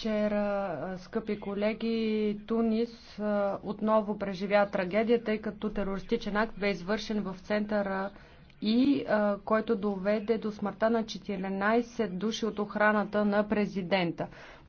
Вчера, скъпи колеги, Тунис отново преживя трагедия, тъй като терористичен акт бе извършен в центъра и който доведе до смъртта на 14 души от охраната на президента.